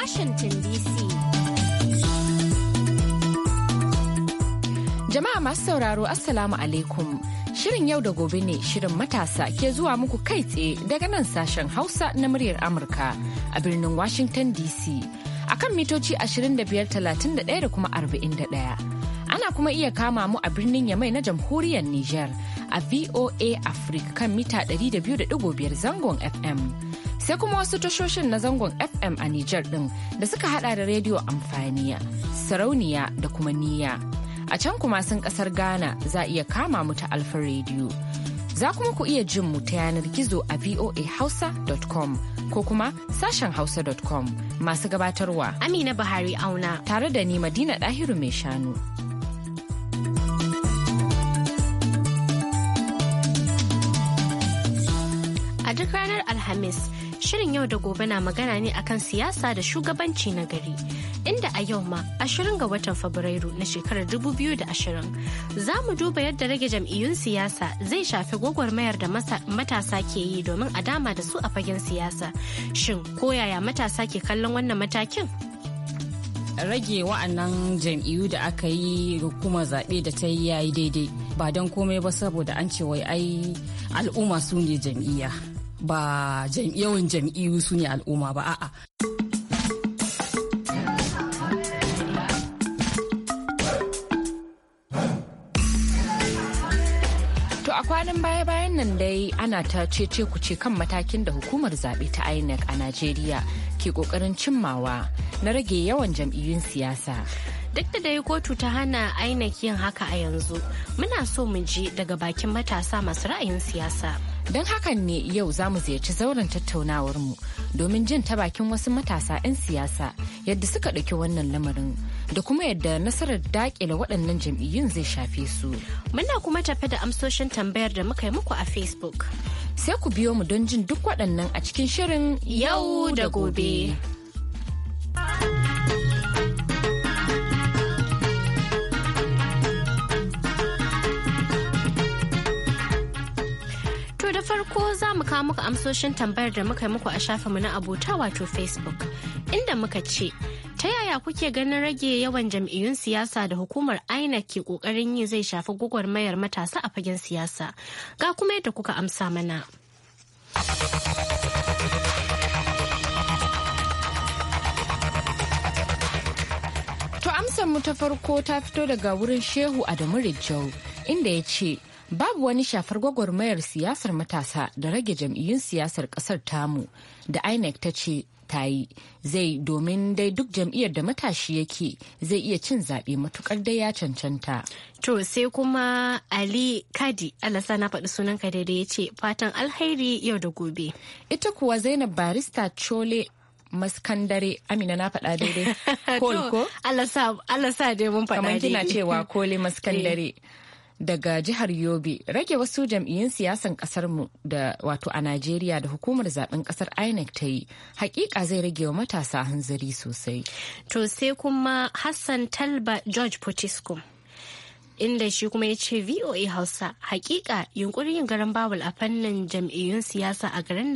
Washington DC. Jama'a masu sauraro Assalamu alaikum. Shirin yau da gobe ne shirin matasa ke zuwa muku kai tsaye daga nan sashen Hausa na muryar Amurka a birnin Washington DC. A kan mitoci 25,31 da kuma 41. Ana kuma iya kama mu a birnin Yamai na jamhuriyar Nijar a VOA Africa kan mita 200.5 zangon FM. sai kuma wasu tashoshin na zangon fm a Nijar ɗin da suka hada da rediyo amfaniya sarauniya da kuma niyya a can kuma sun kasar ghana za iya kama mu ta alfa rediyo za kuma ku iya jin mu ta yanar gizo a voahausa.com ko kuma sashen hausa.com masu gabatarwa amina buhari auna tare da ni madina dahiru mai shanu a duk ranar alhamis Shirin yau da gobe na magana ne akan siyasa da shugabanci na gari. Inda a yau ma 20 ga watan Fabrairu na shekarar 2020 za mu duba yadda rage jam'iyyun siyasa zai shafi gwagwarmayar da matasa ke yi domin a dama da su a fagen siyasa. Shin ko yaya matasa ke kallon wannan matakin? rage wa'annan jam'iyyu da aka yi hukumar zaɓe da ta yi yayi daidai ba don komai ba saboda an ce wai ai al'umma su ne jam'iyya ba yawan jam'iyyu su ne al'umma ba a'a. To a kwanan baya-bayan nan dai ana ta cece ce kan matakin da hukumar zaɓe ta inec a najeriya ke ƙoƙarin cimmawa na rage yawan jam'iyyun siyasa duk da dai kotu ta hana inec yin haka a yanzu muna so mu ji daga bakin matasa masu ra'ayin siyasa Don hakan ne yau za mu ziyarci zauren tattaunawar mu domin jin ta bakin wasu matasa 'yan siyasa yadda suka ɗauki wannan lamarin da kuma yadda nasarar daƙile waɗannan jam'iyyun zai shafe su. Muna kuma tafi da amsoshin tambayar da muka yi muku a Facebook. Sai ku biyo mu don jin duk waɗannan a cikin shirin yau da gobe. farko za mu kawo muku amsoshin tambayar da muka yi muku a shafinmu na abota wato Facebook, inda muka ce, Ta yaya kuke ganin rage yawan jam'iyyun siyasa da hukumar INEC ke kokarin yi zai shafi mayar matasa a fagen siyasa? Ga kuma yadda kuka amsa mana. To amsar mu ta farko ta fito daga wurin Shehu Adamu Rijau inda ya ce babu wani shafar gwagwarmayar siyasar matasa da rage jam'iyyun siyasar kasar tamu da inec ta ce ta yi zai domin dai duk jam'iyyar da matashi yake zai iya cin zaɓe matukar dai ya cancanta. To sai kuma Ali Kadi Alasa na faɗi sunanka daidai ya ce fatan alheri yau da gobe. Ita kuwa Zainab Barista Chole maskandare amina na faɗa daidai kol ko Allah sa dai mun faɗa daidai kamar kina cewa kole maskandare eh. daga jihar yobe rage wasu jam'iyyun siyasan kasarmu da wato a najeriya da hukumar zaben kasar inec ta yi hakika zai rage wa matasa hanzari sosai to sai kuma hassan talba george potiskum inda shi kuma ya ce voa hausa hakika yunkurin yin garan bawul a fannin jam'iyyun siyasa a garin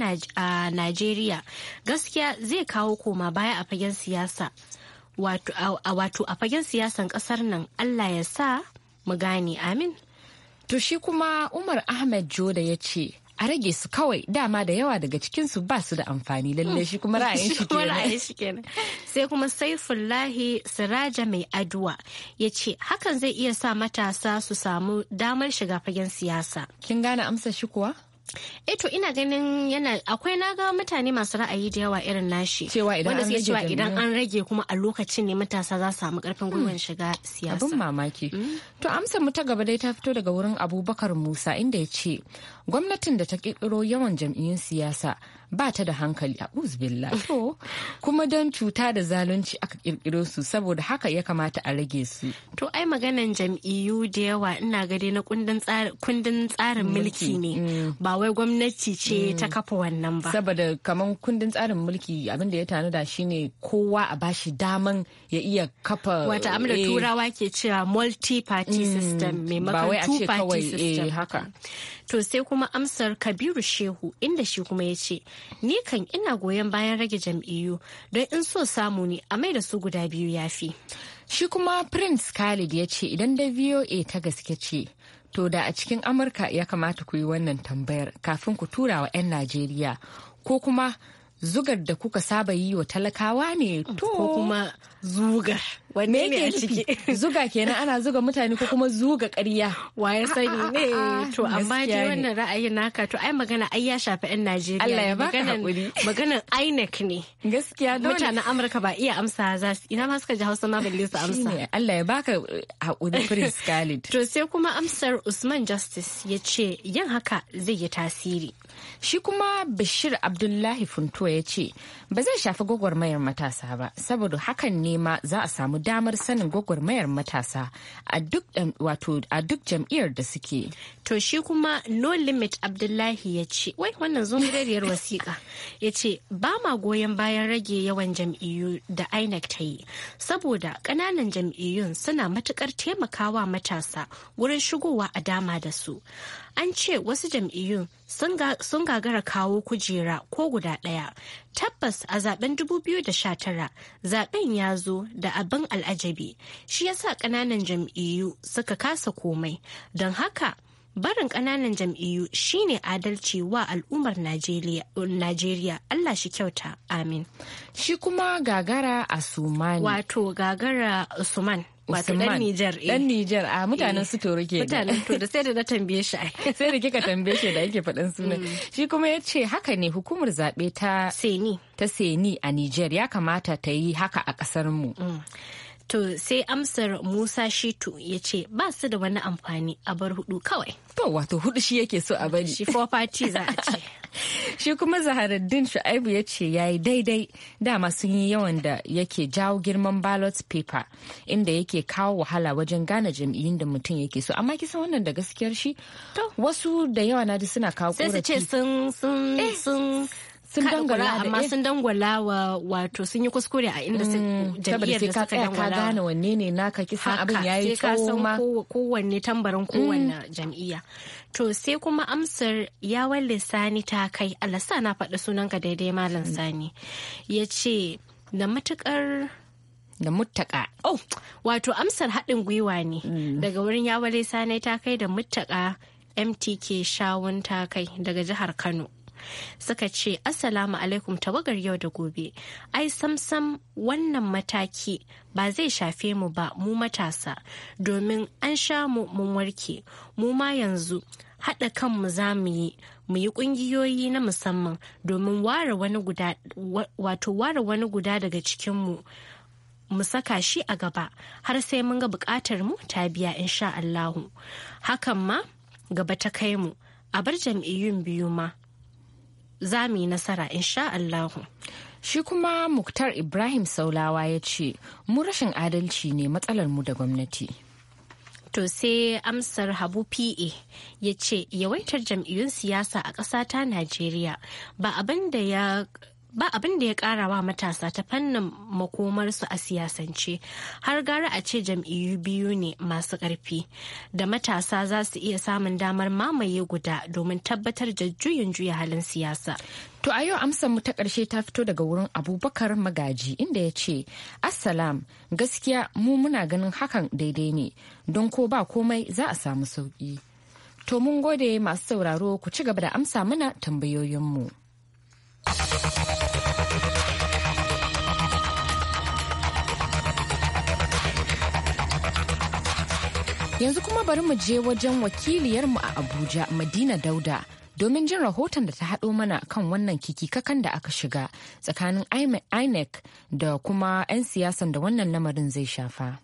najeriya gaskiya zai kawo koma baya a fagen siyasa wato a fagen siyasan kasar nan allah ya sa mu gane amin to shi kuma umar ahmed joda ya ce a rage su kawai dama da yawa daga cikinsu ba su da amfani lalle shi kuma hmm. ra'ayin shi kenan sai kuma saifullahi siraja mai aduwa ya ce hakan zai iya sa matasa su samu damar shiga fagen siyasa kin gane amsa shi kuwa Eto eh ina ganin yana akwai ga mutane masu ra'ayi da yawa irin nashi. Cewa Wanda sai cewa idan an rage kuma a lokacin ne matasa za su samu karfin hmm. gwiwar shiga siyasa. Abin mamaki. Hmm. To amsar mu ta gaba dai ta fito daga wurin Abubakar Musa inda ya ce gwamnatin da ta ƙirƙiro yawan jam'iyyun siyasa ba ta da hankali a uzbilla to kuma don cuta da zalunci aka ƙirƙiro su saboda haka ya kamata a rage su to ai maganan jam'iyyu da yawa ina gade na kundin tsarin mulki ne mm. ba wai gwamnati ce mm. ta kafa wannan ba saboda kamar kundin tsarin mulki abin da ya tanada shine kowa a bashi daman ya iya kafa wata abin eh, turawa ke cewa multi party mm. system maimakon two party eh, system To sai kuma amsar Kabiru Shehu inda shi kuma ya ce, Ni kan ina goyon bayan rage jam'iyyu don in so samu ne a mai da su guda biyu ya fi. Shi kuma Prince Khalid ya ce idan da VOA ta gaske ce, to da a cikin Amurka ya kamata ku yi wannan tambayar kafin ku tura wa 'yan Najeriya ko kuma zugar da kuka saba yi wa talakawa ne mm, to ko kuma zugar. wanne ne a ciki zuga kenan ana zuga mutane ko kuma zuga ƙarya ya ah, ah, sani ne ah, to amma dai wannan ra'ayin naka to ai magana ai ya shafi yan Najeriya Allah ya baka hakuri maganan INEC ne gaskiya dole mutanen Amurka ba iya amsa za su ina ma suka ji Hausa ma balle su amsa Allah ya baka eh, hakuri Prince Khalid to sai kuma amsar Usman Justice ya ce yin haka zai yi tasiri shi kuma Bashir Abdullahi Funto ya ce ba zai shafi gwagwarmayar matasa ba saboda hakan ne ma za a samu damar sanin gwagwarmayar matasa a duk jam'iyyar da suke. To shi kuma No Limit Abdullahi ya ce, wai wannan zungurariyar wasiƙa ya ce ba ma goyon bayan rage yawan jam'iyyu da INEC ta yi, saboda ƙananan jam'iyyun suna matuƙar taimakawa matasa wurin shigowa a dama da su. an ce wasu jam'iyyun sun gagara kawo kujera ko guda ɗaya. Tabbas a zaben 2019 zaben ya zo da abin al'ajabi shi yasa ƙananan jam'iyyu suka kasa komai don haka barin ƙananan jam'iyyu shine adalci wa al'ummar najeriya allah shi kyauta amin shi kuma gagara a wato gagara usman Wato dan Nijar eh. Dan Nijar a ah, mutanen eh. su toro ke. Mutanen toro sai da na tambaye shi. Sai da kika tambaye shi da ake faɗin sunan. Mm. Shi kuma ya ce haka ne hukumar zaɓe ta Seni. Ta Seni a Nijar ya kamata ta yi haka a ƙasar mu. Mm. To sai amsar Musa Shitu ya ce ba su da wani amfani a bar hudu kawai. To wato hudu shi yake so a bari. Shi four party za a ce. shi kuma Zaharaddin Shu'aibu ya ce ya yi daidai dama sun yi yawan da yake jawo girman ballot paper inda yake kawo wahala wajen gane jam'iyyun da mutum yake so amma kisan wannan da gaskiyar shi wasu da yawa na suna kawo korafi. Sai su ce sun sun eh, sun sun dangwala amma eh. sun dangwala wa wato sun yi kuskure a inda mm, jami'ar da suka dangwala ka gane wanne ne naka kisan abin yayi tsawo ma kowanne tambarin kowanne mm. jam'iyya to sai kuma amsar ya walle sani ta kai alasa na faɗi sunanka daidai malam mm. sani ya ce da matukar da muttaka. Oh, wato amsar haɗin gwiwa ne daga wurin yawon sanai ta kai da muttaka MTK shawun ta kai daga jihar Kano. suka ce Assalamu alaikum tawagar yau da gobe. Ai samsam wannan mataki ba zai shafe mu ba mu matasa domin an sha mu mun warke mu ma yanzu haɗa kanmu za mu yi mu yi ƙungiyoyi na musamman domin ware wani guda wato ware wani guda daga cikinmu mu saka shi a gaba har sai mun ga buƙatar mu ta biya insha Allahu hakan ma gaba ta kai mu a bar jam'iyyun biyu ma za mu yi nasara insha Allahu. Shi kuma Muktar Ibrahim Saulawa ya ce, mu rashin adalci ne matsalar mu da gwamnati. To sai amsar Habu PA ya ce, yawaitar jam'iyyun siyasa a ƙasa ta Najeriya ba abin da ya ba abin da ya kara wa matasa ta fannin makomarsu a siyasance har gara a ce jam'iyyu biyu ne masu ƙarfi da matasa za su iya samun damar mamaye guda domin tabbatar da juyin juya halin siyasa to a yau amsar mu ta ƙarshe ta fito daga wurin abubakar magaji inda ya ce assalam gaskiya mu muna ganin hakan daidai ne don ko ba komai za a samu sauki. to mun gode masu sauraro ku ci gaba da amsa mana tambayoyinmu. mu Yanzu kuma bari mu je wajen wakiliyarmu a Abuja, Madina Dauda, domin jin rahoton da ta haɗo mana kan wannan kikikakan da aka shiga tsakanin INEC da kuma 'yan siyasan da wannan lamarin zai shafa.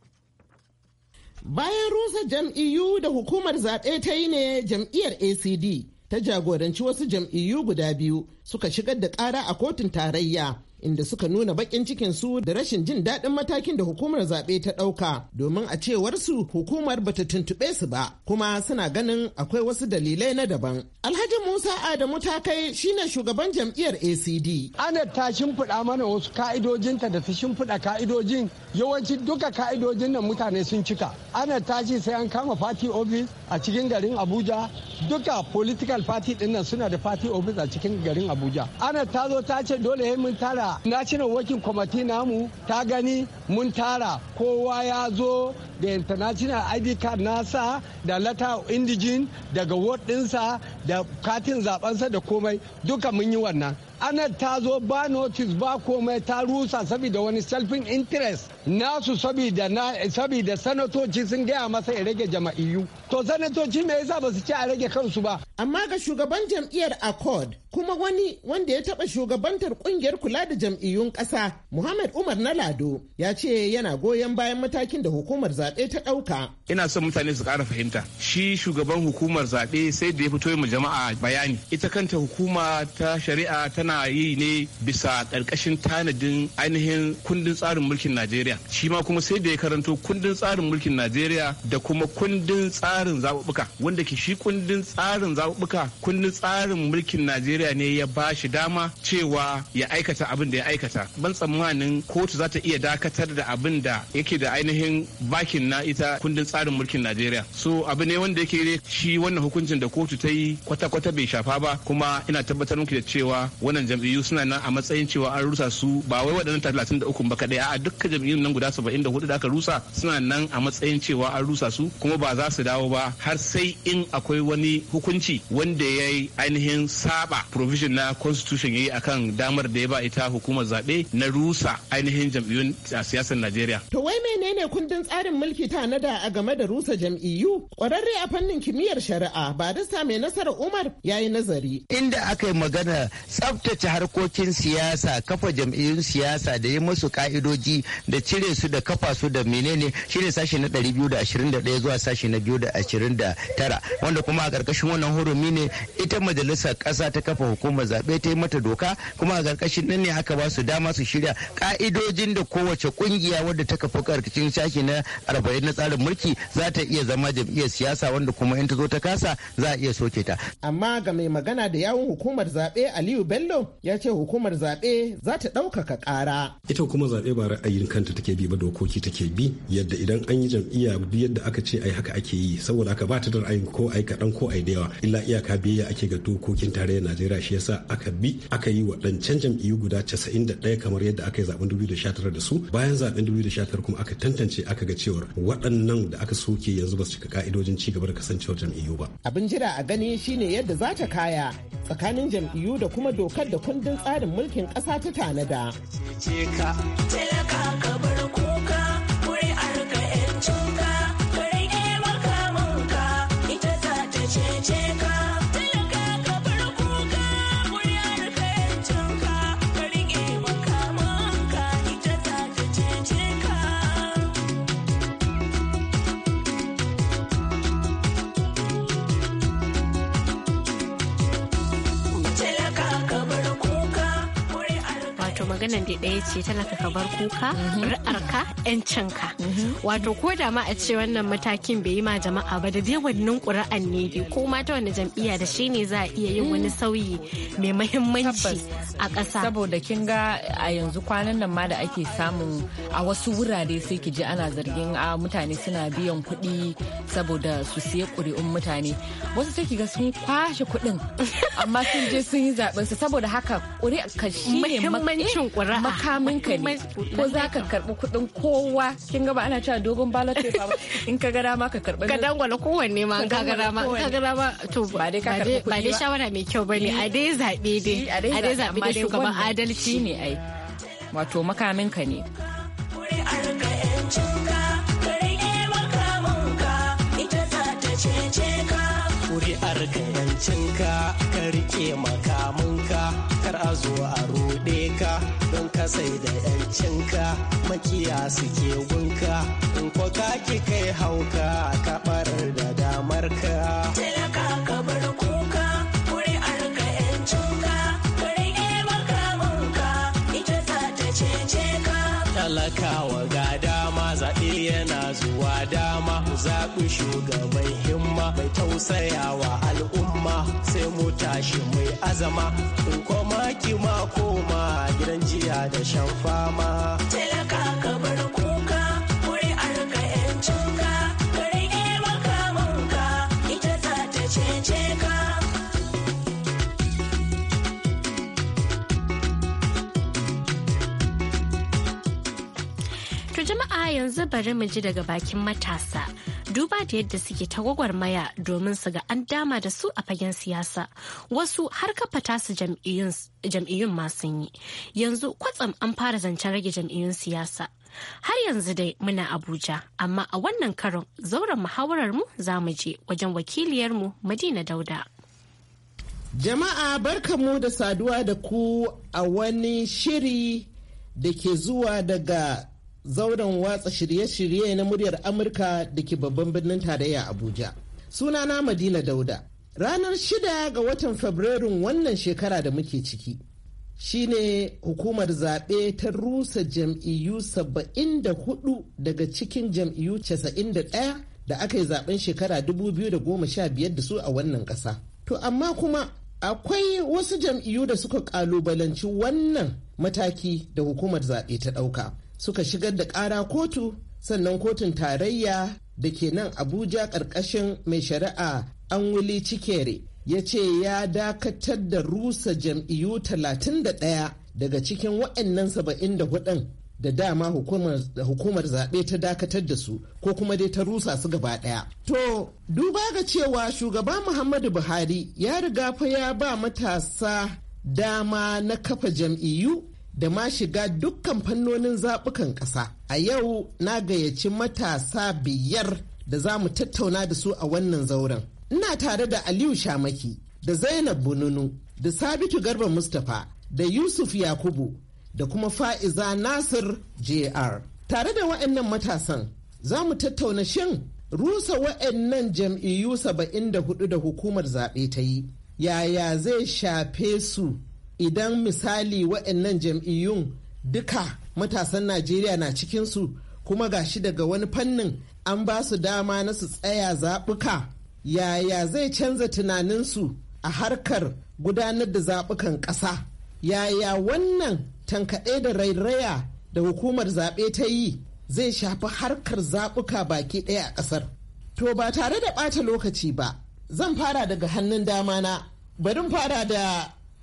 Bayan rusa jam'iyyu da hukumar zaɓe ta yi ne jam'iyyar ACD ta jagoranci wasu jam'iyyu guda biyu suka shigar da ƙara a kotun tarayya inda suka nuna bakin cikin su da rashin jin daɗin matakin da hukumar zaɓe ta ɗauka domin a cewar su hukumar bata tuntuɓe su ba kuma suna ganin akwai wasu dalilai na daban. Alhaji Musa Adamu ta kai shine shugaban jam'iyyar ACD. Ana ta shimfiɗa mana wasu ka'idojinta da ta shimfiɗa ka'idojin yawanci duka ka'idojin nan mutane sun cika. Ana ji sai an kama party office a cikin garin Abuja duka political party ɗin suna da party office a cikin garin Abuja. Ana ta zo ta ce dole mun tara national working committee namu ta gani mun tara kowa ya zo da international id card nasa da lata indigin daga ward dinsa da katin zabensa da komai duka mun yi wannan anan ta zo ba notice ba komai ta rusa saboda wani selfing interest nasu saboda na sanatoci sun gaya masa ya rage jama'iyu to sanatoci me yasa ba su ci a rage kansu ba amma ga shugaban jam'iyyar accord kuma wani wanda ya taba shugabantar kungiyar kula da jam'iyyun kasa muhammad umar na lado ya ce yana goyon bayan matakin da hukumar zaɓe ta ɗauka ina son mutane su ƙara fahimta shi shugaban hukumar zaɓe sai da ya fito mu jama'a bayani ita kanta hukuma ta shari'a tana ana yi ne bisa ƙarƙashin tanadin ainihin kundin tsarin mulkin najeriya shi ma kuma sai da ya karanto kundin tsarin mulkin najeriya da kuma kundin tsarin zaɓuɓɓuka wanda ke shi kundin tsarin zaɓuɓɓuka kundin tsarin mulkin najeriya ne ya ba shi dama cewa ya aikata abin da ya aikata ban tsammanin kotu za ta iya dakatar da abin da yake da ainihin bakin na ita kundin tsarin mulkin najeriya so abu ne wanda yake shi wannan hukuncin da kotu ta yi kwata-kwata bai shafa ba kuma ina tabbatar muku da cewa waɗannan jam'iyyu suna nan a matsayin cewa an rusa su ba wai waɗannan talatin da uku ba kaɗai a dukkan jam'iyyun nan guda saba'in da hudu da aka rusa suna nan a matsayin cewa an rusa su kuma ba za su dawo ba har sai in akwai wani hukunci wanda ya yi ainihin saba provision na constitution ya yi akan damar da ya ba ita hukumar zaɓe na rusa ainihin jam'iyyun a siyasar Najeriya. To wai menene kundin tsarin mulki ta da a game da rusa jam'iyyu? kwararre a fannin kimiyyar shari'a Barista mai nasarar Umar ya yi nazari. Inda aka yi magana tsafta tsaftace harkokin siyasa kafa jam'iyyun siyasa da yi musu ka'idoji da cire su da kafa su da menene shine sashi na 221 zuwa sashi na 229 wanda kuma a karkashin wannan hurumi ne ita majalisar kasa ta kafa hukumar zaɓe ta yi mata doka kuma a karkashin nan ne aka ba su dama su shirya ka'idojin da kowace kungiya wadda ta kafa karkashin sashi na 40 na tsarin mulki za ta iya zama jam'iyyar siyasa wanda kuma in ta zo ta kasa za a iya soke ta amma ga mai magana da yawun hukumar zaɓe Aliyu Bello Bello ya ce hukumar zaɓe za ta ɗaukaka ƙara. Ita hukumar zaɓe ba ra'ayin kanta take bi ba dokoki take bi yadda idan an yi jam'iyya duk yadda aka ce ai haka ake yi saboda aka ba ta da ra'ayin ko ai kaɗan ko ai da yawa illa iyaka biyayya ake ga dokokin tarayyar Najeriya shi yasa aka bi aka yi waɗancan jam'iyyu guda 91 kamar yadda aka yi zaɓen 2019 da su bayan zaɓen 2019 kuma aka tantance aka ga cewar waɗannan da aka soke yanzu ba su cika ka'idojin ci gaba da kasancewar jam'iyyu ba. Abin jira a gani shine yadda za ta kaya tsakanin jam'iyyu da kuma doka da kundin tsarin mulkin ƙasa ta tanada. maganan da ɗaya ce talaka ka bar kuka mhm. sana'ar wato ko da ma a ce wannan matakin bai yi ma jama'a ba da dai wannan ƙura'an ne dai ko ma ta wani jam'iyya da shi ne za a iya yin wani sauyi mai mahimmanci a ƙasa saboda kin ga a yanzu kwanan nan ma da ake samun a wasu wurare sai ki ji ana zargin a mutane suna biyan kuɗi saboda su siya ƙuri'un mutane wasu sai ki ga sun kwashe kuɗin amma sun je sun yi zaɓen saboda haka ƙuri'a ka shi ne makamin ka ne ko za ka karɓi kuɗin kowa kin ga ba ana cewa dogon ballot paper ba in ka ga dama ka karɓi ka dangwala kowanne ma ka ga dama ka ga dama to ba dai ka karɓi ba dai shawara mai kyau bane a dai zabe dai a dai zabe dai shugaban adalci ne ai wato makamin ka ne ka yancinka ka rike makaminka kar a zo a ruɗe ka don ka sai da yancinka makiya suke gunka in ko ka ki kai hauka ka barar da ka talaka ka bar kuka kuri'ar ka yancinka ka rike makaminka ita za ta ce ka talakawa zaɓi shugaban himma mai tausayawa al'umma sai mu tashi mai azama in koma ki ma koma gidan jiya da shan fama. bar kuka, wuri ka ta yanzu bari mu ji daga bakin matasa duba da yadda suke ta gwagwarmaya domin su ga an dama da su a fagen siyasa wasu har kafa tasu jam'iyyun masu yi yanzu kwatsam an fara zancen rage jam'iyyun siyasa har yanzu dai muna abuja amma a wannan karon zauren muhawarar mu za mu je wajen wakiliyarmu madina dauda jama'a mu da saduwa da ku a wani shiri da ke zuwa daga zauren watsa shirye-shirye na muryar Amurka da ke babban birnin tarayya Abuja. Sunana Madina Dauda. Ranar shida ga watan Fabrairun wannan shekara da muke ciki. shine hukumar zaɓe ta rusa jam'iyyu 74 daga cikin jam'iyyu 91 da aka yi zaɓen shekara 2015 da su a wannan ƙasa. To amma kuma akwai wasu jam'iyyu da suka ƙalubalanci wannan mataki da hukumar zaɓe ta ɗauka. suka shigar da ƙara kotu sannan kotun tarayya da ke nan abuja ƙarƙashin mai shari'a an wuli cikere ya ce ya dakatar da rusa jam'iyyu 31 daga cikin wa'annan 74 da dama hukumar zaɓe ta dakatar da su ko kuma dai ta rusa su gaba ɗaya. To, duba ga cewa shugaba Muhammadu Buhari ya riga fa ya ba matasa dama na kafa jam'iyyu da ma shiga dukkan fannonin zaɓukan ƙasa. A yau na gayyaci matasa biyar da za mu tattauna da su a wannan zauren. Ina tare da Aliyu Shamaki, da Zainab Bununu, da Sabitu Garba Mustapha, da Yusuf Yakubu, da kuma Fa'iza Nasir JR. Tare da waɗannan matasan, za mu tattauna shin rusa waɗannan jam'iyyu saba'in da hudu da hukumar zaɓe ta yi. Yaya zai shafe su idan misali waɗannan jam'iyyun duka matasan najeriya na cikinsu kuma gashi daga wani fannin an ba su dama na su tsaya zaɓuka yaya zai canza tunaninsu a harkar gudanar da zaɓukan ƙasa yaya wannan tankaɗe da rairaya da hukumar zaɓe ta yi zai shafi harkar zaɓuka baki ɗaya a ƙasar to ba tare da ɓata lokaci ba zan fara daga hannun dama na. barin fara da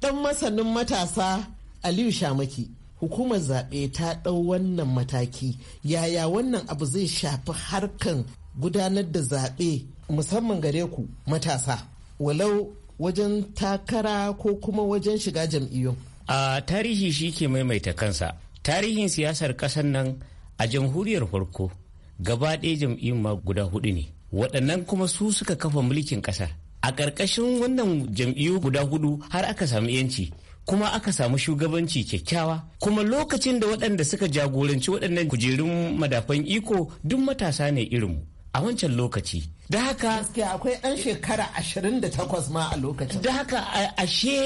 dan masanin matasa aliyu shamaki hukumar zaɓe ta ɗau wannan mataki yaya wannan abu zai shafi harkan gudanar da zaɓe musamman gare ku matasa walau wajen takara ko kuma wajen shiga jam'iyyun? a tarihi shi ke maimaita kansa tarihin siyasar ƙasar nan a jamhuriyar farko gaba ɗaya jam'iyyun ma guda hudu ne waɗannan kuma su suka kafa mulkin ƙasar a ƙarƙashin wannan jam'iyyu guda hudu har aka samu yanci kuma aka samu shugabanci kyakkyawa kuma lokacin da waɗanda suka jagoranci waɗannan kujerun madafan iko duk matasa ne irinmu a wancan lokaci da haka akwai dan shekara 28 ma a lokacin da haka ashe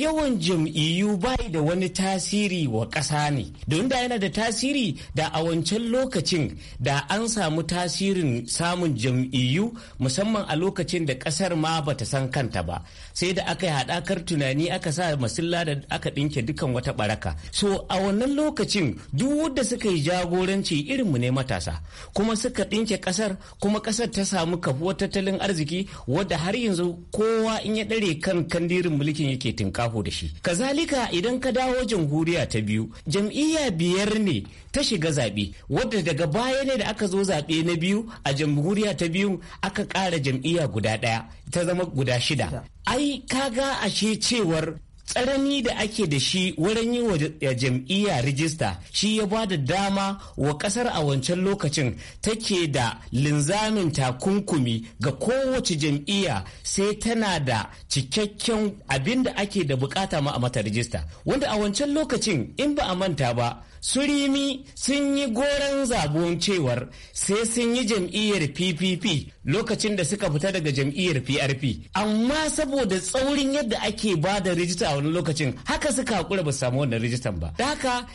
yawan jam'iyyu bai da wani tasiri wa ƙasa ne don da yana da tasiri da a wancan lokacin da an samu tasirin samun jam'iyyu musamman a lokacin da ƙasar ma bata san kanta ba sai da aka yi haɗakar tunani aka sa masilla da aka ɗinke dukan wata baraka so a wannan lokacin duk wanda suka yi jagoranci mu ne matasa kuma suka ɗinke ƙasar kuma ƙasar ta samu samu wa tattalin arziki wadda har yanzu kowa in ya ɗare kan kandirin mulkin yake tinkaho da shi kazalika idan ka dawo jamhuriya ta biyu jam'iyya biyar ne ta shiga zaɓe wadda daga baya ne da aka zo zaɓe na biyu a jamhuriya ta biyu aka ƙara jam'iyya guda ɗaya ta zama guda shida ai kaga ashe cewar tsarani da ake da shi wurin yi wa eh, jam'iyya rijista shi ya ba da dama wa kasar a wancan lokacin take da linzamin takunkumi ga kowace jam'iyya sai tana da cikakken abin da ake da bukata ma a mata rijista wanda a wancan lokacin in ba a manta ba surimi sun yi goron zabon cewar sai sun yi jam'iyyar ppp lokacin da suka fita daga jam'iyyar prp amma saboda tsaurin yadda ake ba da rijita a wani lokacin haka suka hakura ba samu wannan rijitan ba da haka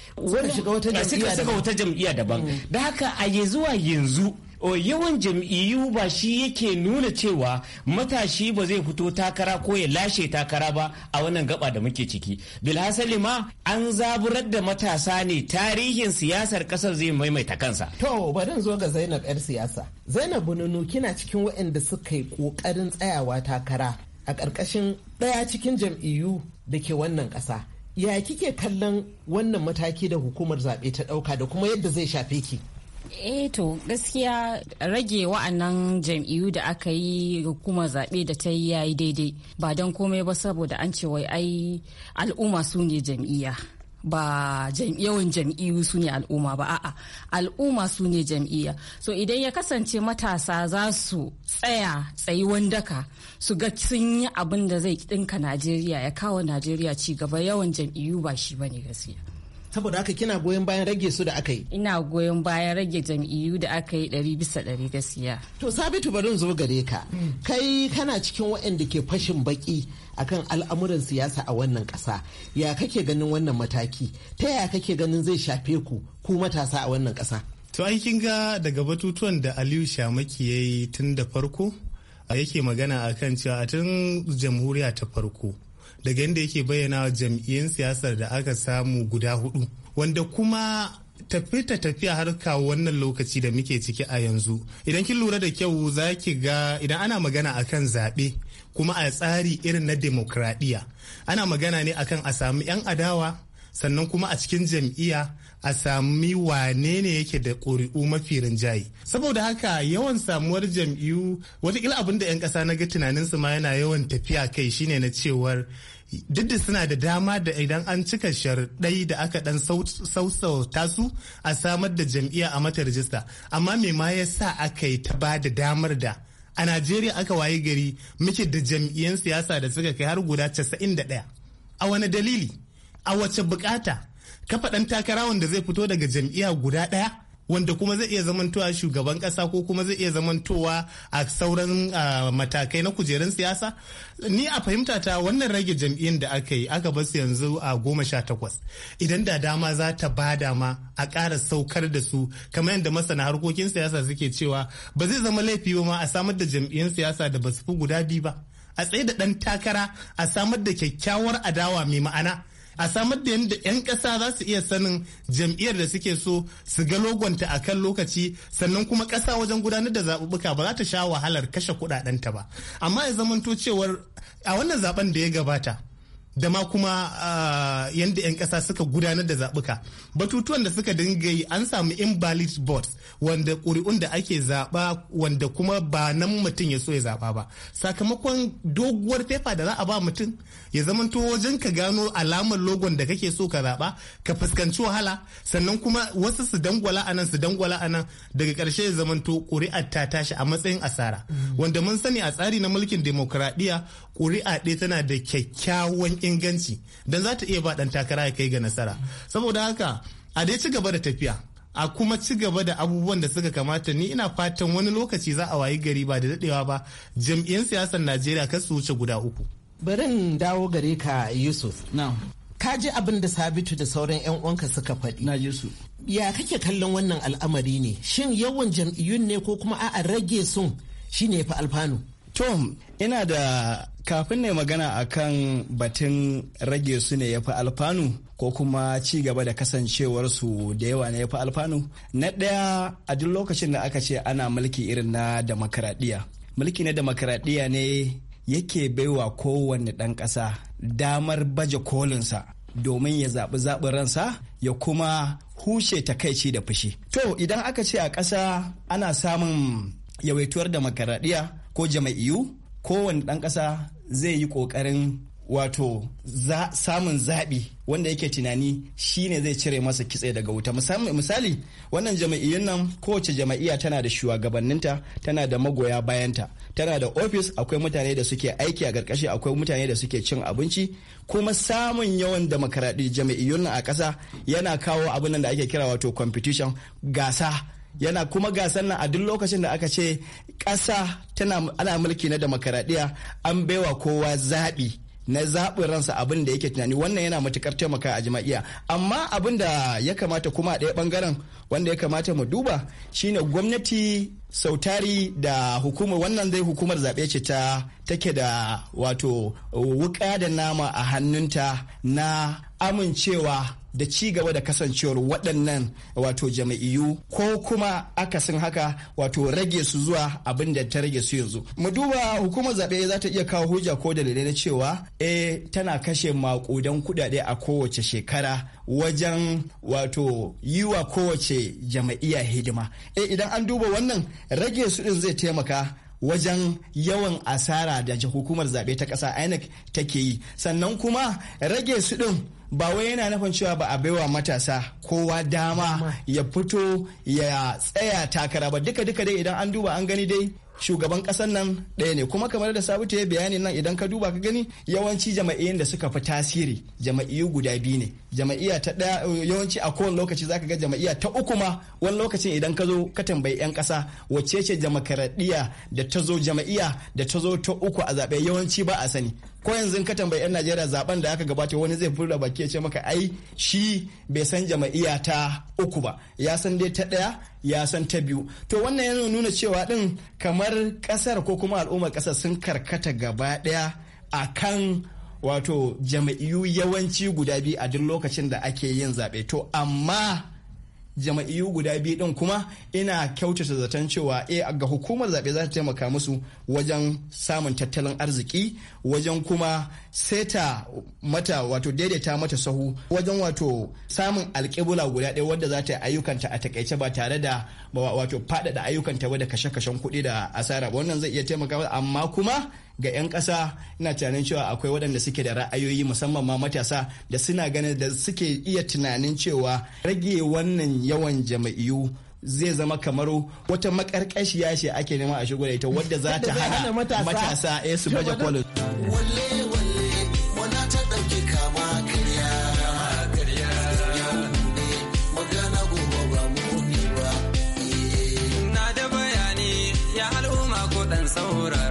shiga wata jam'iyya daban mm. da haka a zuwa yanzu yawan jam'iyyu ba shi yake nuna cewa matashi ba zai fito takara ko ya lashe takara ba a wannan gaba da muke ciki bilhassali ma an zaburar da matasa ne tarihin siyasar kasar zai maimaita kansa to barin zo ga zainab yar siyasa zainab bununu kina cikin waɗanda suka yi ƙoƙarin tsayawa takara a ƙarƙashin ɗaya cikin jam'iyyu da ke wannan ƙasa ya kike kallon wannan mataki da hukumar zaɓe ta ɗauka da kuma yadda zai shafe ki e to gaskiya rage wa'annan jam'iyyu da aka yi hukumar zaɓe da ta yi yayi daidai ba don komai ba saboda an ce wai ai al'umma su ne jam'iyya ba yawan jam'iyyu su ne al'umma ba a'a al'umma su ne jam'iyya so idan ya kasance matasa za su tsaya tsayuwan daka su ga sun yi abin da zai ɗinka najeriya ya kawo najeriya ci gaba yawan jam'iyyu ba shi ba ne gaskiya saboda haka kina goyon bayan rage su da aka yi ina goyon bayan rage jam'iyyu da aka yi ɗari bisa ɗari gaskiya to sabitu barin zo gare ka kai kana cikin waɗanda ke fashin baki akan al'amuran siyasa a wannan ƙasa ya kake ganin wannan mataki ta ya kake ganin zai shafe ku ku matasa a wannan ƙasa to ai kin ga daga batutuwan da aliyu shamaki ya yi tun da farko yake magana akan cewa a tun jamhuriya ta farko daga inda yake bayyana wa jam'iyyun siyasar da aka samu guda hudu wanda kuma tafi ta tafiya har kawo wannan lokaci da muke ciki a yanzu idan kin lura da kyau za ki ga idan ana magana akan zaɓe kuma a tsari irin na demokradiyya ana magana ne akan a samu 'yan adawa sannan kuma a cikin jam'iyya a sami wane ne yake da ƙuri'u mafi rinjaye saboda haka yawan samuwar jam'iyyu watakila abin da 'yan ƙasa na ga tunaninsu ma yana yawan tafiya kai shine na cewar duk da suna da dama da idan an cika sharɗai da aka dan sausauta su a samar da jam'iyya a mata rajista amma mai ma ya sa aka yi ta ba da damar da a najeriya aka waye gari muke da jam'iyyan siyasa da suka kai har guda 91 a wani dalili a wace bukata kafa ɗan takara wanda zai fito daga jam'iyya guda ɗaya wanda kuma zai iya zamantowa shugaban kasa ko kuma zai iya zamantowa a sauran matakai na kujerun siyasa ni a fahimta ta wannan rage jam'iyyar da aka yi aka basu yanzu a goma sha takwas idan da dama za ta ba dama a ƙara saukar da su kamar yadda masana harkokin siyasa suke cewa ba zai zama laifi ba ma a samar da jam'iyyar siyasa da ba su fi guda biyu ba a tsaye da ɗan takara a samar da kyakkyawar adawa mai ma'ana a samar da yadda 'yan ƙasa za su iya sanin jam'iyyar da suke so su ga logonta a kan lokaci sannan kuma ƙasa wajen gudanar da zaɓuɓɓuka ba za ta sha wahalar kashe ta ba amma ya zamanto cewar a wannan zaben da ya gabata da ma kuma yadda ah, 'yan ƙasa suka gudanar da zaɓuka batutuwan da suka dinga yi an samu invalid votes wanda ƙuri'un da ake zaɓa wanda kuma ba nan mutum ya so ya zaɓa ba sakamakon doguwar fefa da za a ba mutum ya zamanto wajen ka gano alamar logon da kake so ka zaɓa ka fuskanci wahala sannan kuma wasu su dangwala anan su dangwala anan daga ƙarshe ya zamanto ƙuri'ar ta tashi a matsayin asara mm. wanda mun sani a tsari na mulkin demokradiyya ƙuri'a ɗaya tana da kyakkyawan inganci don za ta iya ba ɗan takara ya kai ga nasara saboda haka a dai ci gaba da tafiya a kuma ci gaba da abubuwan da suka kamata ni ina fatan wani lokaci za a wayi gari ba da daɗewa ba jam'iyyar siyasar najeriya kar su wuce guda uku barin dawo gare ka yusuf ka ji abin da sabitu da sauran 'yan uwanka suka faɗi na yusuf ya kake kallon wannan al'amari ne shin yawan jam'iyyun ne ko kuma a'a rage sun shine ya fi alfanu tom ina da kafin ne magana a kan batun rage su ne ya fi alfanu ko kuma ci gaba da kasancewarsu da yawa ne ya fi alfanu na ɗaya a duk lokacin da aka ce ana mulki irin na demokaradiyya mulki na demokaradiyya ne yake baiwa kowanne ɗan ƙasa damar baje kolinsa domin ya zaɓi zaɓin ransa ya kuma hushe takaici da fushi to idan aka ce a ƙasa ana samun yawaituwar demokaradiyya ko jama'iyu kowane ɗan ƙasa zai yi ƙoƙarin wato samun zaɓi wanda yake tunani shine zai cire masa kitse daga wuta misali wannan jama'iyyun nan kowace jama'iyya tana da shugabanninta tana da magoya bayanta tana da ofis akwai mutane da suke aiki a ƙarƙashi akwai mutane da suke cin abinci kuma samun yawan demokaradiyya jama'iyyun nan a ƙasa yana kawo abin da ake kira wato competition gasa yana kuma gasar nan a duk lokacin da aka ce ƙasa tana ana mulki na demokaradiyya an baiwa kowa zaɓi na zaɓin ransa abin da yake tunani wannan yana matukar taimaka a jima'iya amma abin da ya kamata kuma a ɗaya ɓangaren wanda ya kamata mu duba shine gwamnati sautari da hukumar wannan zai hukumar zaɓe ce ta take da wato wuka da nama a hannunta na amincewa da ci gaba da kasancewar waɗannan wato jama'iyu ko kuma akasin haka wato rage su zuwa abin da ta rage su yanzu mu duba hukumar zaɓe za ta iya kawo hujja ko dalilai na cewa eh tana kashe maƙudan kudade a kowace shekara wajen wato yi wa kowace jama'iya hidima e idan an duba wannan rage su din zai taimaka wajen yawan asara da hukumar zaɓe ta ƙasa inec take yi sannan kuma rage su din ba wai yana nufin cewa ba a baiwa matasa kowa dama ya fito ya tsaya takara ba duka duka dai idan an duba an gani dai shugaban ƙasar nan ɗaya ne kuma kamar da sabuta ya bayani nan idan ka duba ka gani yawanci jama'iyyun da suka fi tasiri jama'iyyu guda biyu ne jama'iyya ta ɗaya yawanci a kowane lokaci zaka ga jama'iyya ta uku ma wani lokacin idan ka zo ka tambayi 'yan ƙasa wacce ce jamakaraɗiya da ta zo jama'iyya da ta zo ta uku a zaɓe yawanci ba a sani ko yanzu ka tambayi yan najeriya zaben da aka gabata wani zai furda baki ya ce maka ai shi bai san jama'iya ta uku ba ya san dai ta ɗaya ya san ta biyu to wannan yana nuna cewa din kamar kasar ko kuma al'ummar kasar sun karkata gaba ɗaya kan wato jama'iyu yawanci guda biyu a duk lokacin da ake yin zaɓe to amma jama'iyu guda biyu din kuma ina kyautata zaton cewa e ga hukumar zaɓe za ta taimaka musu wajen samun tattalin arziki wajen kuma seta mata wato daidaita mata sahu wajen wato samun alƙibula guda ɗaya wadda za ta yi ayyukanta a takaice ba tare da wato faɗaɗa ayyukanta ba da kashe-kashen kuɗi da asara wannan zai iya taimaka amma kuma ga 'yan ƙasa ina tunanin cewa akwai waɗanda suke da ra'ayoyi musamman ma matasa da suna ganin da suke iya tunanin cewa rage wannan yawan jama'iyu zai zama kamar wata makarkashiya ce ake nema a shigo da ita wadda za ta hana matasa ya eh, su baje kolin. Eh, na da bayani ya al'umma ko ɗan saurara.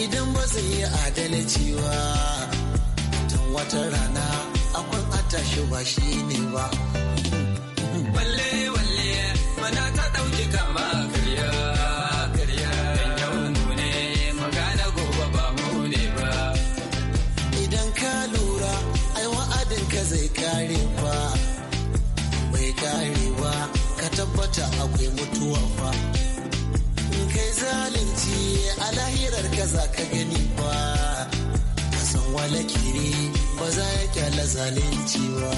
idan ba zai yi adalci ba don wata rana akwai atashi ba shi ne ba walle walle mana ta ɗauki kama karya karya yau nune magana gobe ba mu ne ba idan ka lura ai wa'adin ka zai kare ba bai kare ba ka tabbata akwai mutuwa fa zalunci a lahirar ka za ka gani ba kasan wala kiri ba za ya kyala zalunci ba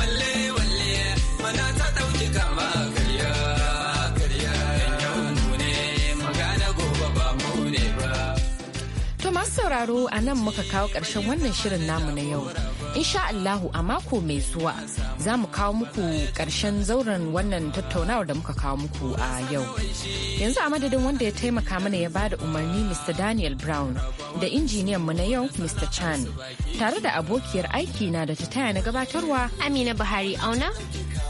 walle walle mana ta ɗauki kama Masu sauraro a nan muka kawo ƙarshen wannan shirin namu na yau. Insha Allahu a mako mai zuwa za mu kawo muku ƙarshen zauren wannan tattaunawar da muka kawo muku a yau. Yanzu a madadin wanda ya taimaka mana ya bada umarni Mr. Daniel Brown da injiniyan mu na yau Mr. Chan tare da abokiyar aiki na da ta taya na gabatarwa Amina Buhari Auna.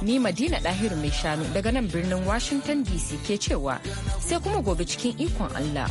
Ni Madina Dahiru mai shanu daga nan birnin Washington DC ke cewa sai kuma gobe cikin ikon Allah.